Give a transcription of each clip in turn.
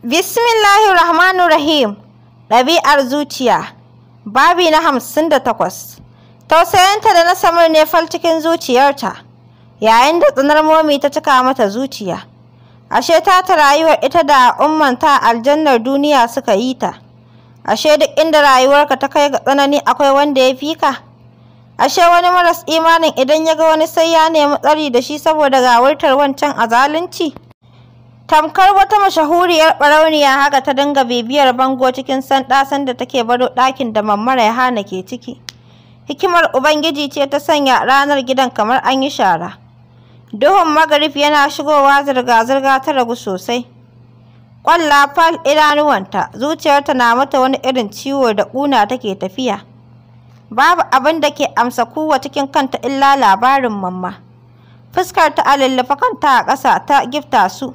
Bismillahirrahmanirrahim. Ɗabi'ar zuciya. Babi na hamsin da takwas. tausayanta da na samar ne cikin zuciyarta, yayin da tsanar momi ta cika mata zuciya. Ashe ta ta rayuwar ita da ummanta aljannar duniya suka yi ta. Ashe duk inda rayuwarka ta kai ga tsanani akwai wanda ya fi ka. Ashe wani maras imanin idan ya ga wani sai ya nemi tsari da shi saboda gawartar wancan a zalunci. Tamkar wata mashahuriyar ɓarauniya haka ta dinga bibiyar bango cikin sanda sanda take baro ɗakin da mammara ya hana ke ciki. Hikimar Ubangiji ce ta sanya ranar gidan kamar an yi shara. Duhun magarif yana shigowa zirga-zirga ta ragu sosai. Ƙwalla fal idanuwanta, zuciyarta na mata wani irin ciwo da ƙuna take tafiya. Babu abin da ke amsa kuwa cikin kanta illa labarin mamma. Fuskar ta a kanta a ƙasa ta gifta su.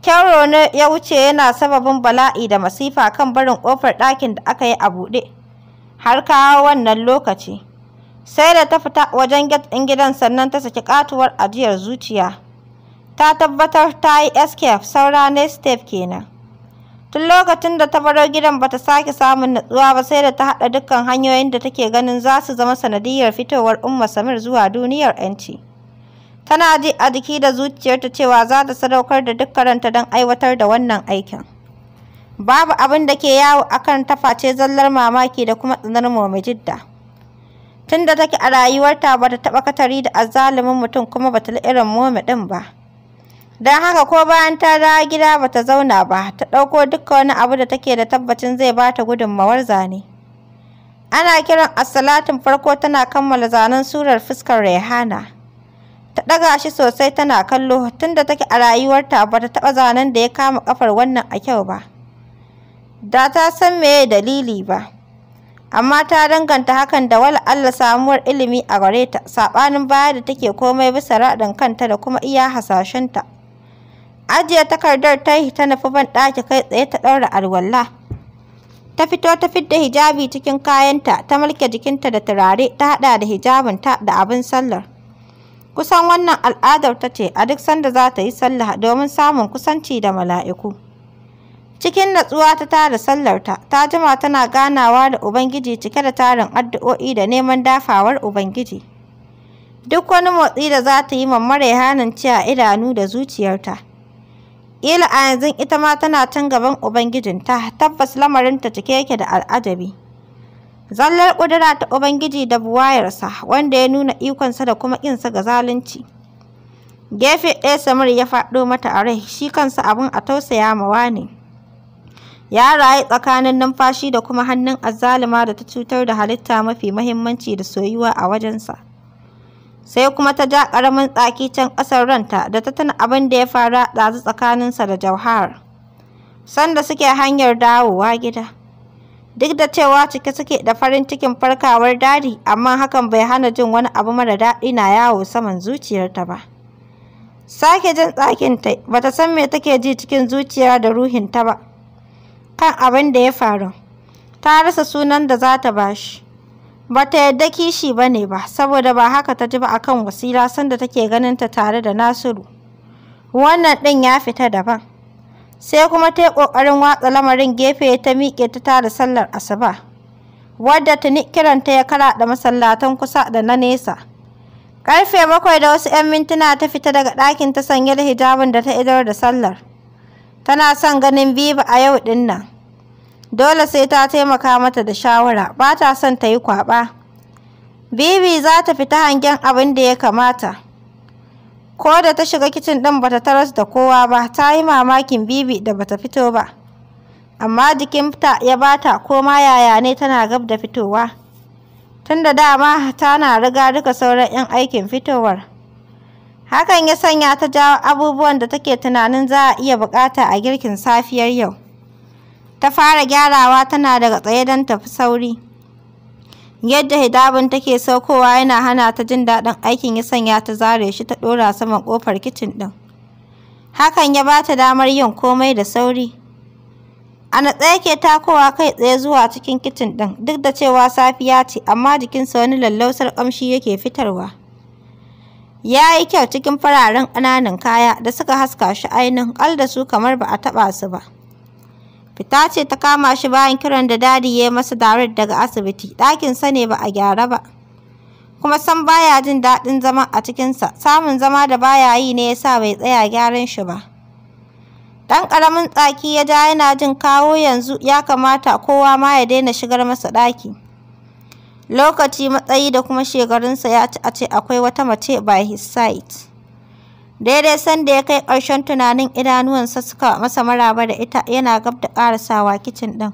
Kyauro ne ya wuce yana sababin bala'i da masifa kan barin ƙofar ɗakin da aka yi a buɗe har kawo wannan lokaci. Sai da ta fita wajen get ɗin gidan sannan ta saki katuwar ajiyar zuciya. Ta tabbatar ta yi escape saura ne step kenan. Tun lokacin da ta baro gidan bata sake samun natsuwa ba sai da ta haɗa dukkan hanyoyin da take ganin za su zama sanadiyar fitowar Umma Samir zuwa duniyar 'yanci. Tana ji a jiki da zuciyarta cewa za ta sadaukar da duk karanta don aiwatar da wannan aikin. Babu abin da ke yawo a kan taface zallar mamaki da kuma tsanar mamajidda. Tun da take a rayuwarta ba ta taɓa katari da azalimin mutum kuma ba ta irin momi ɗin ba. Don haka ko bayan ta dawo gida ba ta zauna ba, ta ɗauko dukkan wani abu da take da tabbacin zai ba ta gudunmawar zane. Ana kiran asalatin farko tana kammala zanen surar fuskar Rehana. ta ɗaga shi sosai tana kallo tunda take a rayuwarta ba ta taɓa zanen da ya kama ƙafar wannan a kyau ba da ta san meye dalili ba amma ta danganta hakan da wala Allah samuwar ilimi a gare ta saɓanin baya da take komai bisa raɗin kanta da kuma iya hasashenta ajiye takardar ta yi ta nufi ban ɗaki kai tsaye ta ɗaura alwala ta fito ta fidda hijabi cikin kayanta ta mulke jikinta da turare ta haɗa da hijabinta da abin sallar kusan wannan al'adar ta ce a duk sanda za ta yi sallah domin samun kusanci da mala'iku cikin natsuwa ta tara sallarta ta jima tana ganawa da ubangiji cike da tarin addu'o'i da neman dafawar ubangiji duk wani motsi da za ta yi mammare hanin ci a idanu da zuciyarta ƙila a yanzu ita ma tana can gaban ubangijinta tabbas lamarinta cike yake da al'ajabi Zallar ƙudura ta Ubangiji da buwayarsa wanda ya nuna ikonsa da kuma ƙinsa ga zalunci. Gefe ɗaya Samir ya faɗo mata a rai, shi kansa abin a tausaya mawa ne. Ya rayu tsakanin numfashi da kuma hannun azzalima da ta cutar da halitta mafi mahimmanci da soyuwa a wajensa. Sai kuma ta ja ƙaramin tsaki can ƙasar ranta da ta tana abin da ya fara ɗazu tsakaninsa da Jauhar. Sanda suke hanyar dawowa gida. duk da cewa cike suke da farin cikin farkawar dadi amma hakan bai hana jin wani abu mara daɗi na yawo saman zuciyarta ba sake jin tsakin ta bata san me take ji cikin zuciya da ruhinta ba kan abin da ya faru ta rasa sunan da za ta bashi bata yadda kishi ba ne ba saboda ba haka ta ji ba akan wasila sanda take ganin ta tare da nasiru wannan ɗin ya fita daban sai kuma ta yi ƙoƙarin watsa lamarin gefe ta miƙe ta tara sallar asuba wadda tuni kiranta ya karaɗa masallatan kusa da na nesa ƙarfe bakwai da wasu 'yan mintuna ta fita daga ɗakin ta sanye da hijabin da ta idar da sallar tana son ganin biba a yau ɗin nan dole sai ta taimaka mata da shawara ba ta son ta yi kwaɓa bibi za ta fita hangen abin da ya kamata ko da ta shiga kicin ɗin bata taras da kowa ba ta yi mamakin bibi da bata fito ba amma jikin jikinta ya bata ko ma yaya ne tana gab da fitowa tunda dama tana riga duka sauran 'yan aikin fitowar hakan ya sanya ta jawo abubuwan da take tunanin za a iya bukata a girkin safiyar yau ta fara gyarawa tana daga tsaye don tafi sauri Yadda hidabin take saukowa yana hana ta jin daɗin aikin ya sanya ta zare shi ta ɗora saman ƙofar kicin ɗin. Hakan ya ba ta damar yin komai da sauri. A natsa yake takowa kai tsaye zuwa cikin kicin ɗin duk da cewa safiya ce amma jikinsa wani lallausar ƙamshi yake fitarwa. Ya yi kyau cikin fararen ƙananan kaya da suka haska shi ainihin ƙal da su kamar ba a taɓa su ba. Fita ce ta kama shi bayan kiran da dadi ya yi masa direct daga asibiti. Ɗakinsa ne ba a gyara ba. Kuma san baya jin daɗin zama a cikinsa. Samun zama da baya yi ne ya sa bai tsaya gyaran shi ba. Ɗan ƙaramin tsaki ya ja yana jin kawo yanzu ya kamata kowa ma ya daina shigar masa ɗaki. Lokaci matsayi da kuma shekarunsa ya ci a ce akwai wata mace by his side. daidai sanda ya kai ƙarshen tunanin idanuwansa suka masa maraba da ita yana gab da ƙarasawa kicin ɗin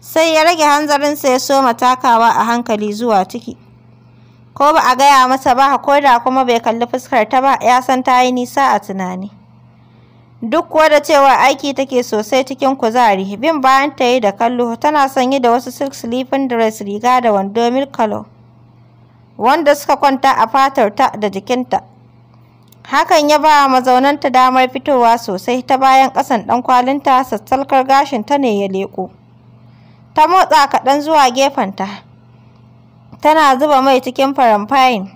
sai ya rage hanzarinsa ya soma takawa a hankali zuwa ciki ko ba a gaya masa ba ko da kuma bai kalli fuskar ta ba ya san ta yi nisa a tunani duk kuwa da cewa aiki take sosai cikin kuzari bin bayan ta yi da kallo tana sanye da wasu silk sleeping dress riga da wando milk color wanda suka kwanta a fatar ta da jikinta Hakan ya ba mazaunanta damar fitowa sosai ta bayan ƙasan ɗankwalinta sassalkar ta ne ya leƙo. Ta motsa kaɗan zuwa gefenta, tana zuba mai cikin faramfayin,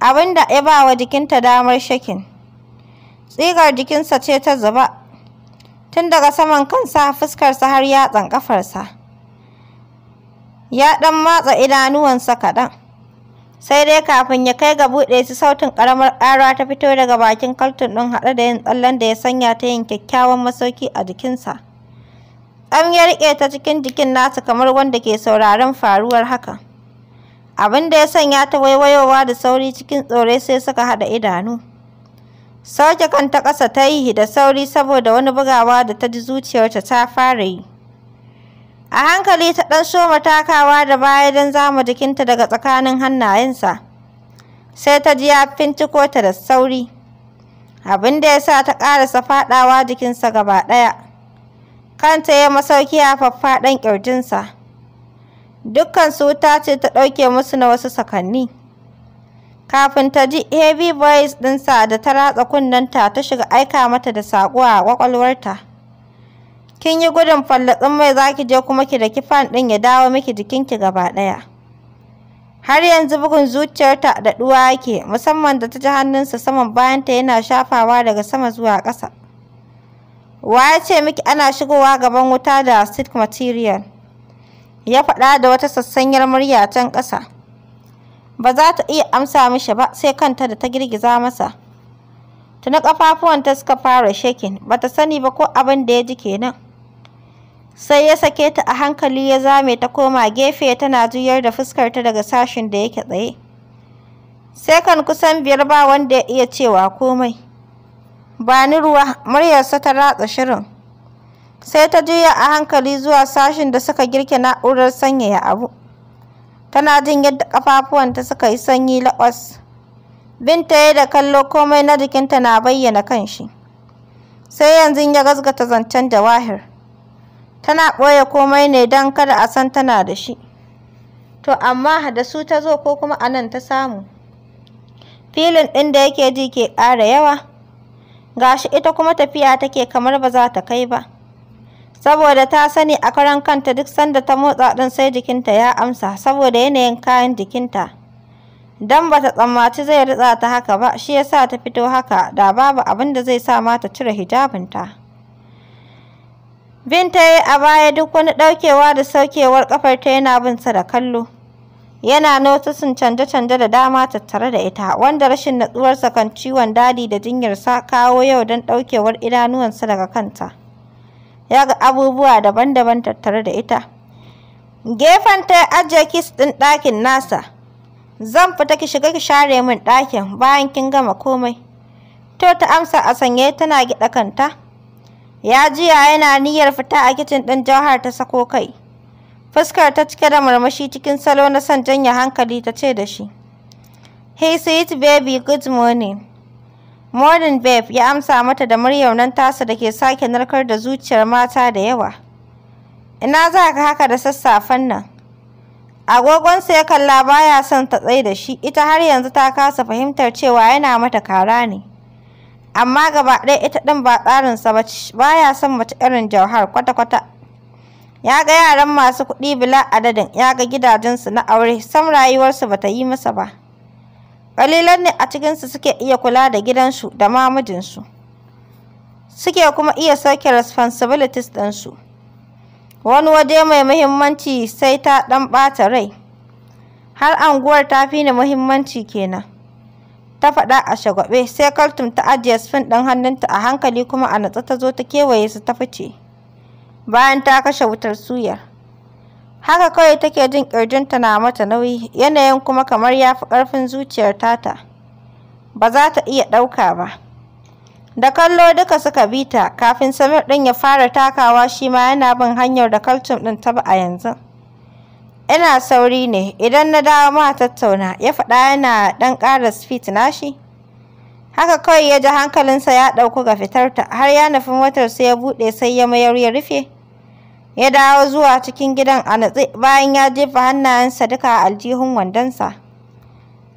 Abinda ya ba wa jikinta damar shakin. Tsigar jikinsa ce ta zuba, tun daga saman kansa fuskarsa har yatsan ƙafarsa. Ya ɗan matsa idanuwansa kaɗan. sai dai kafin ya kai ga buɗe su sautin ƙaramar ƙara ta fito daga bakin kaltun ɗin haɗe da yin tsallen da ya sanya ta yin kyakkyawan masauki a jikinsa Ɗan ya riƙe ta cikin jikin nasa kamar wanda ke sauraron faruwar haka abin da ya sanya ta waiwayowa da sauri cikin tsore sai suka haɗa idanu sauke kanta ƙasa ta yi da sauri saboda wani bugawa da ta ji zuciyarta ta fara yi A hankali ta ɗan soma takawa da baya don zama jikinta daga tsakanin hannayensa. Sai ta ji ya fintiko ta da sauri. Abin da ya sa ta ƙarasa faɗawa jikinsa gaba ɗaya. Kanta ya masauki a faffaɗan ƙirjinsa. Dukkan su wuta ce ta ɗauke musu na wasu sakanni. Kafin ta ji heavy voice ɗinsa da ta ratsa kunnenta ta shiga aika mata da saƙo a ƙwaƙwalwarta. kin yi gudun fallatsin mai za ki je kuma ki daki fan ɗin ya dawo miki jikinki gaba ɗaya har yanzu bugun zuciyarta da ɗuwa yake musamman da ta ji hannunsa saman bayanta yana shafawa daga sama zuwa ƙasa wa ya ce miki ana shigowa gaban wuta da stick material ya faɗa da wata sassanyar murya can ƙasa ba za ta iya amsa mishi ba sai kanta da ta girgiza masa tuni ƙafafuwanta suka fara shekin ba ta sani ba ko abin da ya ji kenan sai ya sake ta a hankali ya zame ta koma gefe tana juyar da fuskarta daga sashin da yake tsaye Sai kan kusan biyar ba wanda ya iya cewa komai ba ni ruwa muryarsa ta ratsa shirin sai ta juya a hankali zuwa sashin da suka girke na'urar sanyaya abu tana jin yadda ƙafafuwanta suka yi sanyi laƙwas binta ya da kallo komai na jikinta na bayyana kanshi sai yanzu ya gazgata zancen jawahir tana ɓoye komai ne don kada a san tana da shi to amma da su ta zo ko kuma a nan ta samu filin ɗin da yake ji ke ƙara yawa Ga shi ita kuma tafiya take kamar ba za ta kai ba saboda ta sani a karan kanta duk sanda ta motsa ɗin sai jikinta ya amsa saboda yanayin kayan jikinta don ba ta tsammaci zai ritsa ta haka ba shi yasa ta fito haka da babu abin da zai sa mata ta cire hijabinta Binta ya yi a baya duk wani ɗaukewa da saukewar ƙafar ta yana bin sa da kallo. Yana notisin canje-canje da dama tattare da ita, wanda rashin natsuwarsa kan ciwon dadi da jinyar sa kawo yau don ɗaukewar idanuwansa daga kanta. Ya ga abubuwa daban-daban tattare da ita. Gefen ta ajiye kis ɗin ɗakin nasa. Zan fita ki shiga ki share min ɗakin bayan kin gama komai. To ta amsa a sanye tana gida kanta. ya jiya, yana niyyar fita a kicin ɗin jauhar ta sako kai fuskar ta cike da murmushi cikin salo na son janya hankali ta ce da shi hey sweet baby good morning morning babe ya amsa mata da muryar nan tasa da ke sake narkar da zuciyar mata da yawa ina za ka haka da sassafen nan agogonsa ya kalla baya son ta tsaye da shi ita har yanzu ta kasa fahimtar cewa yana mata kara ne amma gaba ɗaya ita ɗin ba tsarinsa ba ce ba ya son mace irin jauhar kwata-kwata ya ga yaran masu kuɗi bila adadin ya ga gidajensu na aure sam rayuwarsu ba ta yi masa ba ƙalilan ne a cikinsu suke iya kula da gidansu da ma suke kuma iya sauke responsibilities ɗinsu wani waje mai muhimmanci sai ta ɗan ɓata rai har anguwar ta fi ni muhimmanci kenan ta faɗa a shagwabe sai kaltum ta ajiye sfin ɗin hannunta a hankali kuma a natsa ta zo ta kewaye su ta fice bayan ta kashe wutar suyar haka kawai take jin ƙirjinta na mata nauyi yanayin kuma kamar ya fi ƙarfin zuciyar tata ba za ta iya ɗauka ba da kallo duka suka bita kafin samir ɗin ya fara takawa shi ma yana bin hanyar da kaltum ɗin ta ba a yanzu ina sauri ne idan na dawo ma tattauna ya faɗa yana ɗan ƙara speed nashi haka kawai ya ji hankalinsa ya ɗauku ga fitarta har ya nufi motar su ya buɗe sai ya mayar ya rufe ya dawo zuwa cikin gidan a natse bayan ya jefa hannayensa duka a aljihun wandonsa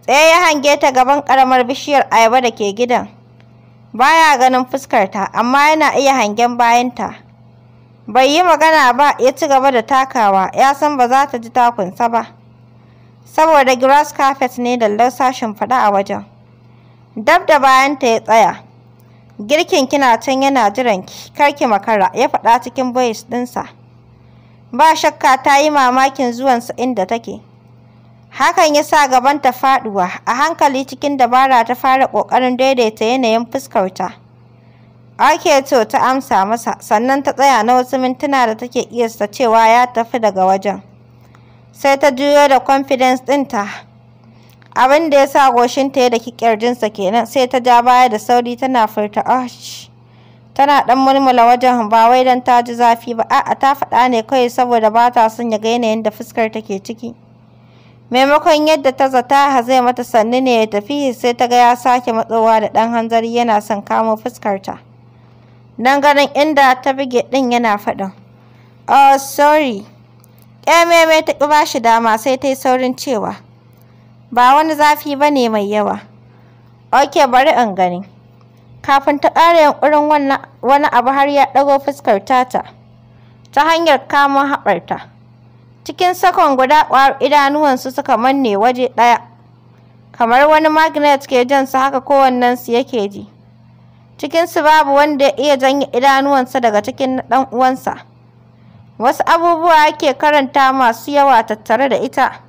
tsaye ya hange ta gaban ƙaramar bishiyar ayaba da ke gidan baya ganin fuskarta amma yana iya hangen bayanta bai yi magana ba ya ci gaba da takawa ya san ba za ta ji takunsa ba saboda grass carpet ne da sashin fada a wajen dab da bayanta ya tsaya girkin kina can yana jiranki karki makara ya faɗa cikin voice ɗinsa ba shakka ta yi mamakin zuwansa inda take hakan ya sa ta faɗuwa a hankali cikin dabara ta fara ƙoƙarin daidaita yanayin fuskarta ake ce ta amsa masa sannan ta tsaya na wasu mintuna da take iyasta cewa ya tafi daga wajen. Sai ta juyo da confidence ɗinta. Abin da ya sa goshinta ya da ƙirjinsa kenan sai ta ja baya da sauri tana furta oh, Tana ɗan murmula wajen ba wai don ta ji zafi ba a'a ta faɗa ne kawai saboda ba ta son ya ga yanayin da fuskar take ciki. maimakon yadda ta zata zai mata sannu ne ya tafi sai ta ga ya sake matsowa da ɗan hanzari yana son kamo fuskarta don ganin inda ta buge ɗin yana faɗin. Oh, sorry. Ƙyameme ta ƙi ba shi dama sai ta yi saurin cewa, ba wani zafi ba ne mai yawa. Ok, bari in gani. Kafin ta ƙara yunƙurin wani abu har ya ɗago fuskar tata ta hanyar kamun haɓarta. Cikin sakon guda ƙwar idanuwansu suka manne waje ɗaya, kamar wani magnet ke jan su haka kowannensu yake ji. cikinsu babu wanda ya iya janye idanuwansa daga cikin ɗan uwansa wasu abubuwa yake karanta masu yawa tattare da ita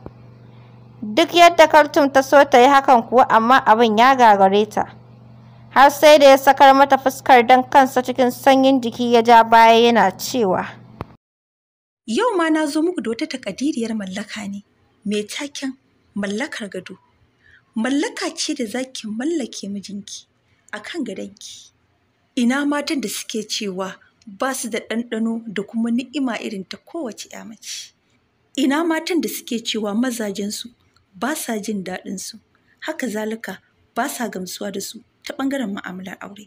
duk yadda Kartum ta so ta yi hakan kuwa amma abin ya gagare ta har sai da ya sakar mata fuskar don kansa cikin sanyin jiki ya ja baya yana cewa yau ma na zo muku da wata takadiriyar mallaka ne mai taken mallakar gado mallaka ce da zaki mallake mijinki a kan gadonki ina matan da suke cewa ba su da ɗanɗano da kuma ni'ima irin ta kowace ya mace ina matan da suke cewa mazajensu ba sa jin daɗinsu haka zalika ba sa gamsuwa da su ta ɓangaren ma'amalar aure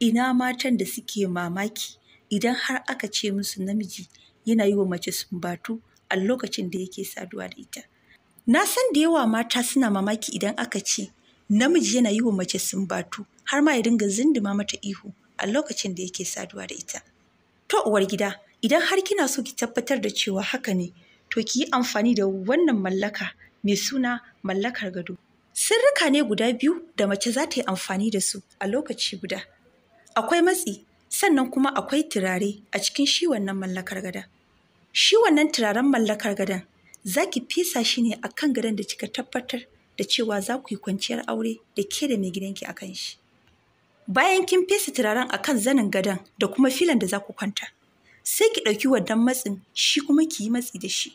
ina matan da suke mamaki idan har aka ce musu namiji yana yi wa mace sumbatu a lokacin da yake saduwa da ita na san da yawa mata suna mamaki idan aka ce namiji yana yi wa mace sumbatu har ma ya dinga zinduma mata ihu a lokacin da yake saduwa da ita. To uwar gida, idan har kina so ki tabbatar da cewa haka ne, to ki yi amfani da wannan mallaka mai suna mallakar gado. Sirrika ne guda biyu da mace za ta yi amfani da su a lokaci guda. Akwai matsi, sannan kuma akwai turare a cikin shi wannan mallakar gada. Shi wannan turaren mallakar gadan zaki fesa shi ne akan gadon da kika tabbatar da cewa za ku yi kwanciyar aure da ke da mai gidanki a kan shi. Bayan kin fesa turaren a kan zanin gadon da kuma filan da za ku kwanta, sai ki ɗauki wannan matsin shi kuma ki yi matsi da shi.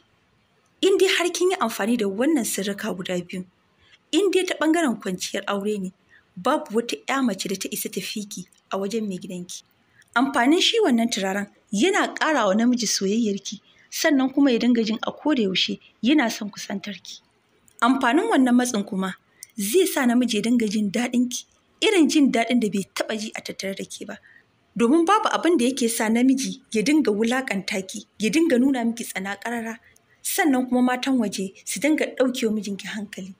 In dai har kin yi amfani da wannan sirrika guda biyu, in dai ta ɓangaren kwanciyar aure ne, babu wata ‘ya mace da ta isa ta fiki a wajen mai gidanki. Amfanin shi wannan turaren yana ƙara wa namiji soyayyarki, sannan kuma ya dinga jin a koda yaushe yana son kusantarki. amfanin wannan matsin kuma zai sa namiji ya dinga jin daɗin ki irin jin daɗin da bai taɓa ji a tattare da ke ba domin babu abin da yake sa namiji ya dinga wulaƙanta ki ya dinga nuna miki tsana ƙarara sannan kuma matan waje su dinga wa mijinki hankali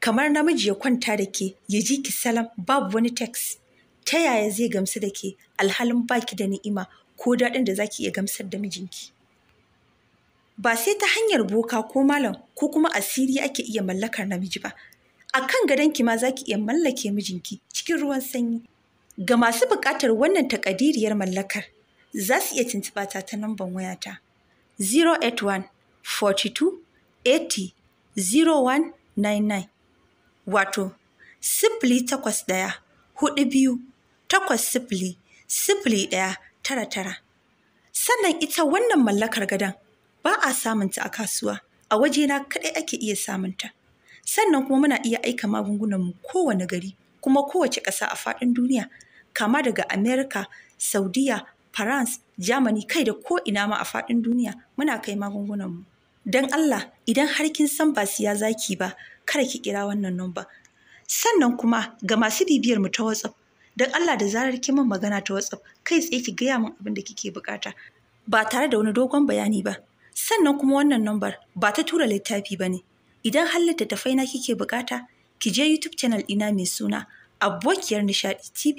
kamar namiji ya kwanta da ke ya ji ki salam babu wani teks ta yaya zai gamsu da ke alhalin baki da ni'ima ko daɗin da zaki iya gamsar da mijinki ba sai ta hanyar boka ko malam ko kuma asiri ake iya mallakar namiji ba a kan gadonki ma za ki iya mallake mijinki cikin ruwan sanyi ga masu buƙatar wannan takadiriyar mallakar za su iya tuntuɓa ta ta namban wayata 081 42 80 0199 wato sifili takwas ɗaya hudu biyu takwas sifili sifili ɗaya tara tara sannan ita wannan mallakar gadon ba a samunta a kasuwa a wajena kaɗai ake iya samunta sannan kuma muna iya aika magungunan mu kowane gari kuma kowace ƙasa a faɗin duniya kama daga america saudiya france germany kai da ko ina ma a faɗin duniya muna kai magungunan mu. don allah idan har kin san ba siya zaki ba kada ki kira wannan numba sannan kuma ga masu bibiyar mu ta whatsapp don allah da zarar kin min magana ta whatsapp kai tsaye ki gaya min abin da kike bukata ba tare da wani dogon bayani ba sannan kuma wannan nambar ba ta tura littafi ba ne idan har littattafai na kike bukata ki je youtube channel ina mai suna abokiyar nishadi tv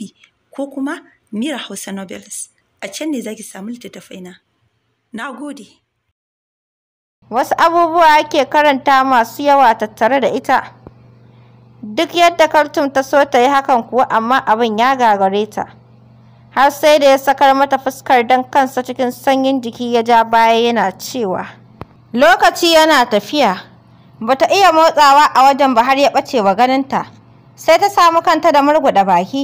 ko kuma mira hausa novels a can ne zaki samu littattafai na na gode wasu abubuwa ake karanta masu yawa tattare da ita duk yadda kartum ta so ta yi hakan kuwa amma abin ya gagare ta har sai da ya sakar mata fuskar don kansa cikin sanyin jiki ya ja baya yana cewa lokaci yana tafiya bata iya motsawa a wajen ba har ya ɓace wa ganinta sai ta samu kanta da murguɗa baki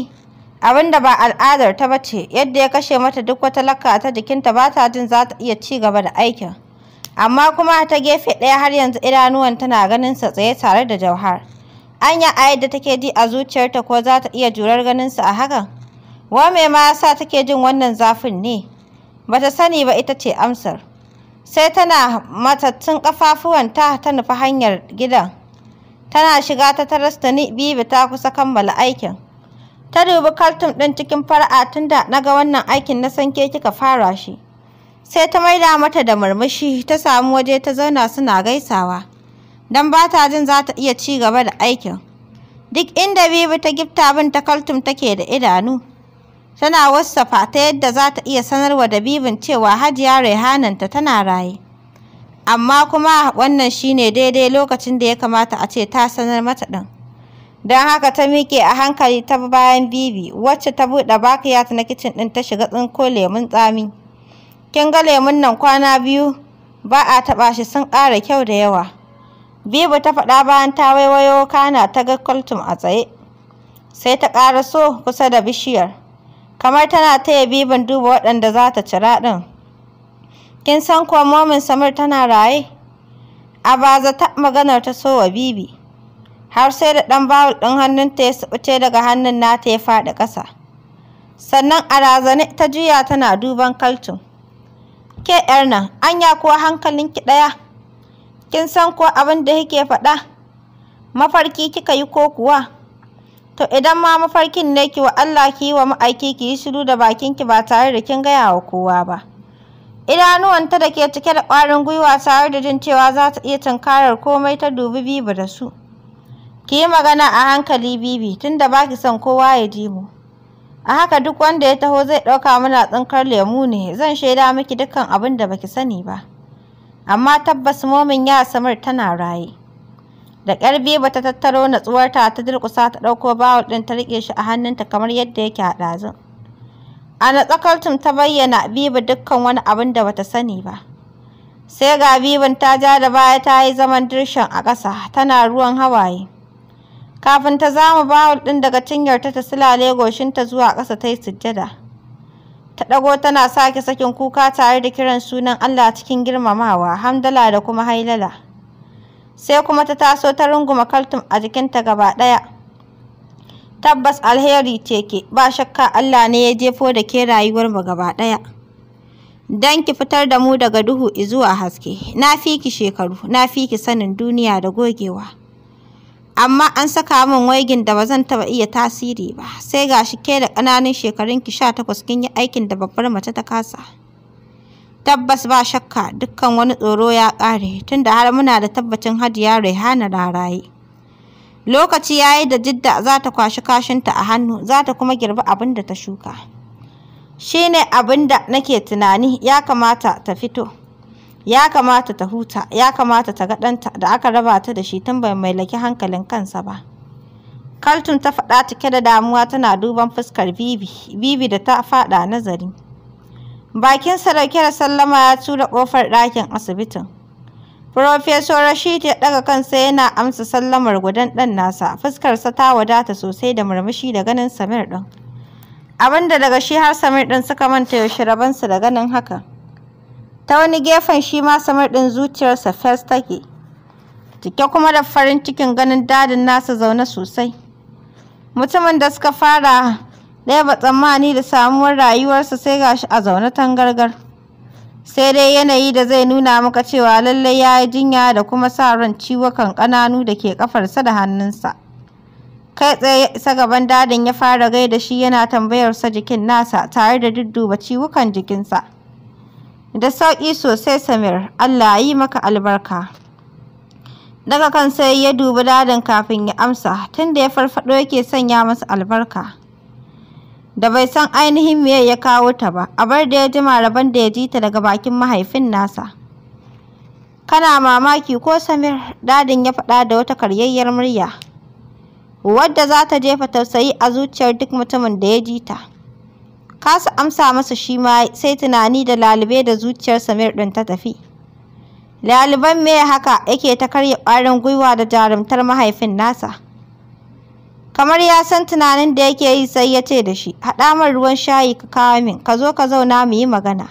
abinda ba al'adar ta bace yadda ya kashe mata duk wata laka ta jikinta ba ta jin za ta iya ci gaba da aikin amma kuma ta gefe ɗaya har yanzu idanuwan tana ganin sa tsaye tare da jauhar anya a yadda take ji a zuciyarta ko za ta iya jurar ganin sa a hakan Wa me ma yasa take jin wannan zafin ne? Bata sani ba ita ce amsar. Sai tana matattun kafafuwanta ta nufi hanyar gidan. Tana shiga ta tarasta ni Bibi ta kusa kammala aikin. Ta dubi kaltum ɗin cikin fara'a tunda na ga wannan aikin na san ke kika fara shi. Sai ta maida mata da murmushi ta samu waje ta zauna suna gaisawa. Dan ba ta jin za ta iya ci gaba da aikin. Duk inda Bibi ta gifta bin ta kaltum take da idanu. tana wassafa ta yadda za ta iya sanarwa da bibin cewa hajiya rehananta tana raye amma kuma wannan shine daidai lokacin da ya kamata a ce ta sanar mata ɗin don haka ta miƙe a hankali ta bayan bibi wacce ta buɗe bakiyat na kicin ɗin ta shiga tsinko lemun tsami kin ga lemun nan kwana biyu ba a taɓa shi sun ƙara kyau da yawa bibi ta faɗa bayan ta waiwayo kana ta ga kultum a tsaye sai ta ƙara so kusa da bishiyar kamar tana taya bibin duba waɗanda za ta cira ɗin kin san kuwa momin samir tana raye a baza ta maganar ta so wa bibi har sai da ɗan bawul ɗin hannunta ya suɓuce daga hannun nata ya faɗi ƙasa sannan a razane ta juya tana duban kaltun ke ƴar nan anya kuwa hankalin ki ɗaya kin san ko abin da yake faɗa mafarki kika yi ko kuwa To idan ma mafarkin ne ki wa Allah ki yi wa ma'aiki ki yi shiru da bakinki ba tare da kin gaya wa kowa ba. Idanuwanta da ke cike da ƙwarin gwiwa tare da jin cewa za ta iya tunkarar komai ta dubi Bibi da su. Ki yi magana a hankali Bibi tunda ba ki son kowa ya ji mu. A haka duk wanda ya taho zai ɗauka muna tsinkar lemu ne zan shaida miki dukkan abin da baki sani ba. Amma tabbas momin ya samar tana raye. Da ƙyar ba ta tattaro natsuwarta ta durƙusa ta ɗauko bawul ɗin ta riƙe shi a hannunta kamar yadda yake a ɗazun. A natsakaltum ta bayyana Biba dukkan wani abin da bata sani ba. Sai ga Biban ta ja da baya ta yi zaman dirshan a ƙasa tana ruwan hawaye. Kafin ta zama bawul ɗin daga cinyarta ta silale ta zuwa ƙasa ta yi sujjada. Ta ɗago tana sake sakin kuka tare da kiran sunan Allah cikin girmamawa, hamdala da kuma hailala. sai kuma ta taso ta runguma kaltum a jikinta gaba ɗaya tabbas alheri ce ke ba shakka Allah ne ya jefo da ke rayuwar mu gaba ɗaya dan ki fitar da mu daga duhu zuwa haske na fi ki shekaru na fi ki sanin duniya da gogewa amma an saka min waigin da ba zan taɓa iya tasiri ba sai ga shi ke da ƙananan ki sha takwas kin yi aikin da babbar mace ta kasa Tabbas ba shakka dukkan wani tsoro ya ƙare tunda har muna da tabbacin Hajiya Raihana raye. Lokaci yayi da Jidda za ta kwashi kashinta a hannu za ta kuma girbi abin da ta shuka. Shi ne abin da nake tunani ya kamata ta fito. Ya kamata ta huta, ya kamata ta ga ɗanta da aka raba ta da shi tun bai mallaki hankalin kansa ba. Kaltun ta faɗa cike da damuwa tana duban fuskar Bibi, Bibi da ta faɗa nazari. Bakin dauke da sallama ya tura kofar ɗakin asibitin Profesor Rashid ya ɗaga kansa yana amsa sallamar gudan ɗan nasa, fuskarsa ta wadata sosai da murmushi da ganin Samir ɗin. Abinda daga shi har Samir ɗin suka manta yaushe rabansa da ganin haka. Ta wani gefen shi ma Samir ɗin zuciyarsa fes take, cike kuma da farin cikin ganin dadin nasa zaune sosai. Mutumin da suka fara Zai ba tsammani da samuwar rayuwarsa sai ga shi a zaune tangargar. Sai dai yanayi da zai nuna maka cewa lallai ya yi jinya da kuma sa ran ciwukan ƙananu da ke ƙafarsa da hannunsa. Kai tsaye isa gaban dadin ya fara gaida shi yana tambayarsa jikin nasa tare da dudduba ciwukan jikinsa. Da sauƙi sosai Samir, Allah yi maka albarka. Daga kan sai ya dubi dadin kafin ya amsa, tunda ya farfaɗo yake sanya masa albarka. da bai san ainihin me ya kawo ta ba abar da ya jima rabon da ya ji ta daga bakin mahaifin nasa kana mamaki ko samir dadin ya faɗa da wata karyayyar murya wadda za ta jefa tausayi a zuciyar duk mutumin da ya ji ta kasa amsa masa shi ma sai tunani da lalube da zuciyar samir ɗin ta tafi laliban me haka yake ta karya ƙwarin gwiwa da jarumtar mahaifin nasa kamar ya san tunanin da yake yi sai ya ce da shi haɗa min ruwan shayi ka kawo min ka zo ka zauna mu yi magana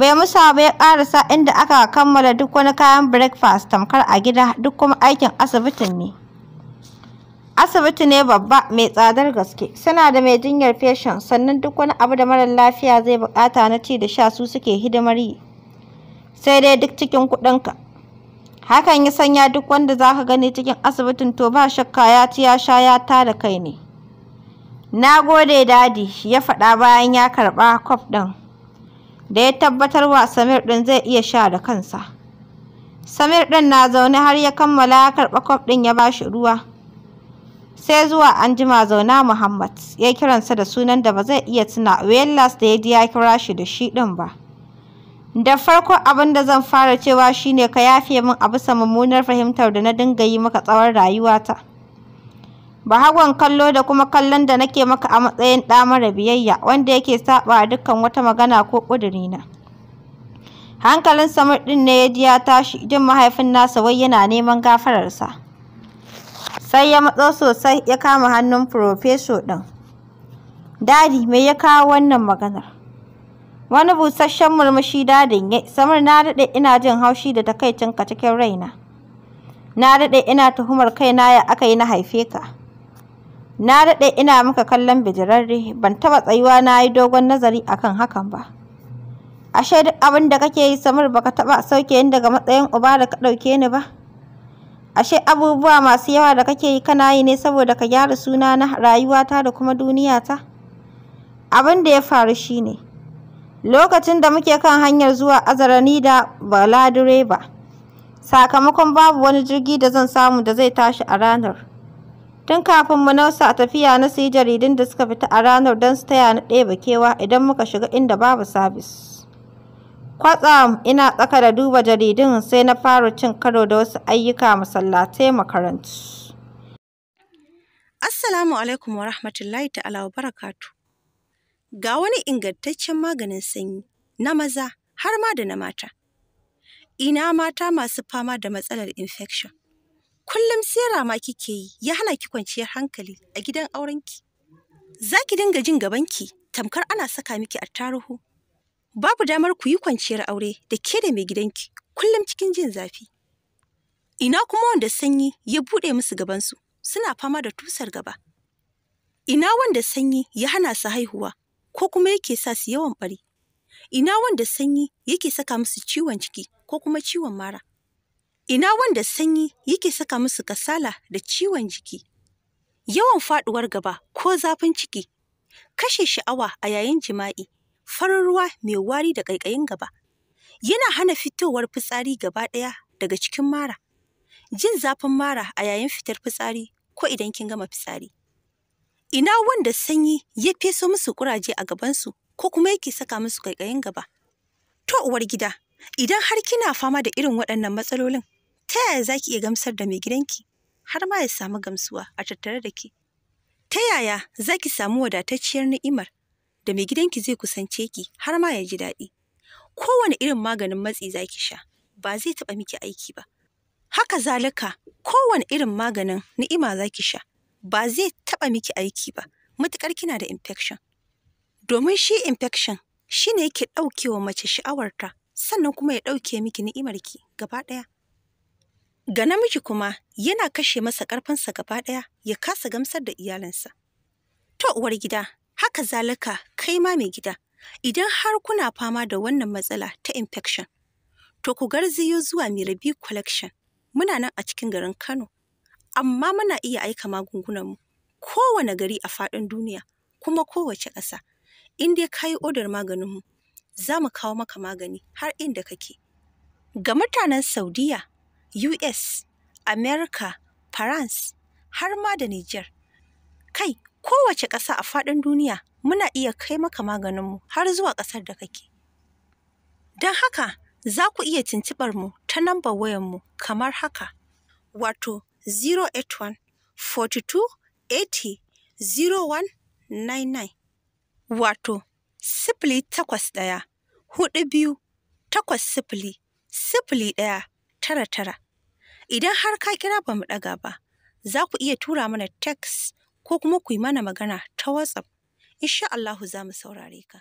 bai musa ba ya ƙarasa inda aka kammala duk wani kayan breakfast tamkar a gida duk kuma aikin asibitin ne asibiti ne babba mai tsadar gaske suna da mai jinyar feshin sannan duk wani abu da marar lafiya zai bukata na ci da sha su suke hidimar yi sai dai duk cikin kuɗinka hakan ya sanya duk wanda za ka gani cikin asibitin to ba shakka ya ci ya sha ya ta da kai ne na gode dadi ya faɗa bayan ya karɓa kwaf ɗin da ya tabbatar wa samir ɗin zai iya sha da kansa samir ɗin na zaune har ya kammala ya karɓa kwaf ɗin ya ba shi ruwa sai zuwa an jima zauna muhammad ya kiransa da sunan da ba zai iya tuna wellas da ya ji ya kira shi da shi ɗin ba Da farko abin da zan fara cewa shine ka yafe min a bisa mummunar fahimtar da na dinga yi maka tsawon rayuwata. Bahagon kallo da kuma kallon da nake maka a matsayin ɗa mara biyayya wanda yake saɓa dukkan wata magana ko ƙudurina. Hankalin samar ɗin ne ya ji ya tashi jin mahaifin nasa wai yana neman gafararsa. Sai ya matso sosai ya kama hannun Furofeso ɗin. Dadi me ya kawo wannan maganar? Wani busasshen murmushi dadin ya samar na daɗe ina jin haushi da takaicinka cikin raina. Na daɗe ina tuhumar kaina ya aka yi na haife ka. Na daɗe ina maka kallon bijirarre, ban taɓa tsayuwa na yi dogon nazari akan hakan ba. Ashe duk abin da kake yi samar baka taɓa sauke ni daga matsayin uba da ka ɗauke ni ba. Ashe abubuwa masu yawa da kake yi kana yi ne saboda ka gyara suna na rayuwata da kuma duniyata. Abin da ya faru shine lokacin da muke kan hanyar zuwa azarani da Bala direba. Sakamakon babu wani jirgi da zan samu da zai tashi a ranar. Tun kafin mu nausa tafiya na yi jaridun da suka fita a ranar don su taya na ɗebe kewa idan muka shiga inda babu sabis. Kwatsam ina tsaka da duba jaridun sai na fara cin karo da wasu ayyuka masallatai makarantu. Assalamu alaikum wa rahmatullahi ta'ala wa barakatu. ga wani ingantaccen maganin sanyi na maza har ma da na mata. Ina mata masu fama da matsalar infection. Kullum sera ma kike yi ya hana ki kwanciyar hankali a gidan aurenki. Za ki dinga jin gabanki tamkar ana saka miki a taruhu. Babu damar ku yi kwanciyar aure da ke da mai gidanki kullum cikin jin zafi. Ina kuma wanda sanyi ya buɗe musu gabansu suna fama da tusar gaba. Ina wanda sanyi ya hana su haihuwa ko kuma yake sa su yawan ɓari. ina wanda sanyi yake saka musu ciwon ciki ko kuma ciwon mara ina wanda sanyi yake saka musu kasala da ciwon jiki yawan faɗuwar gaba ko zafin ciki kashe sha'awa a yayin jima'i farin ruwa mai wari da ƙaiƙayin gaba yana hana fitowar fitsari gaba ɗaya daga cikin mara jin zafin mara a yayin fitar fitsari ko idan kin gama fitsari ina wanda sanyi ya feso musu kuraje a gabansu ko kuma yake saka musu kaikayin gaba. To uwar gida, idan har kina fama da irin waɗannan matsalolin, ta yaya za ki iya gamsar da mai gidanki har ma ya samu gamsuwa a tattare da ke? Ta yaya za ki samu wadatacciyar ni'imar da mai gidanki zai kusance ki har ma ya ji daɗi? Kowane irin maganin matsi za ki sha, ba zai taɓa miki aiki ba. Haka zalika, kowane irin maganin ni'ima za ki sha, ba zai taɓa miki aiki ba matuƙar kina da infection domin shi infection shi ne yake wa mace sha'awarta sannan kuma ya ɗauke miki ni'imarki gaba ɗaya ga namiji kuma yana kashe masa ƙarfinsa gaba ɗaya ya kasa gamsar da iyalinsa to uwar gida haka zalika kai ma mai gida idan har kuna fama da wannan matsala ta infection to ku garziyo zuwa mirabi collection muna nan a cikin garin kano amma muna iya aika magungunan mu kowane gari a faɗin duniya kuma kowace ƙasa. In dai ka yi odar maganinmu, za mu kawo maka magani har inda kake. Ga mutanen Saudiya, US, Amerika, France, har ma da Nijar. Kai, kowace ƙasa a faɗin duniya muna iya kai maka maganinmu har zuwa ƙasar da kake. Don haka, za ku iya tuntuɓar mu ta nambar wayanmu kamar haka. Wato 081 42 80 0199 wato sifili takwas ɗaya hudu biyu takwas sifili sifili ɗaya tara tara idan har ka kira ba mu ɗaga ba za ku iya tura mana teks ko kuma ku yi mana magana ta whatsapp insha Allahu za mu saurare ka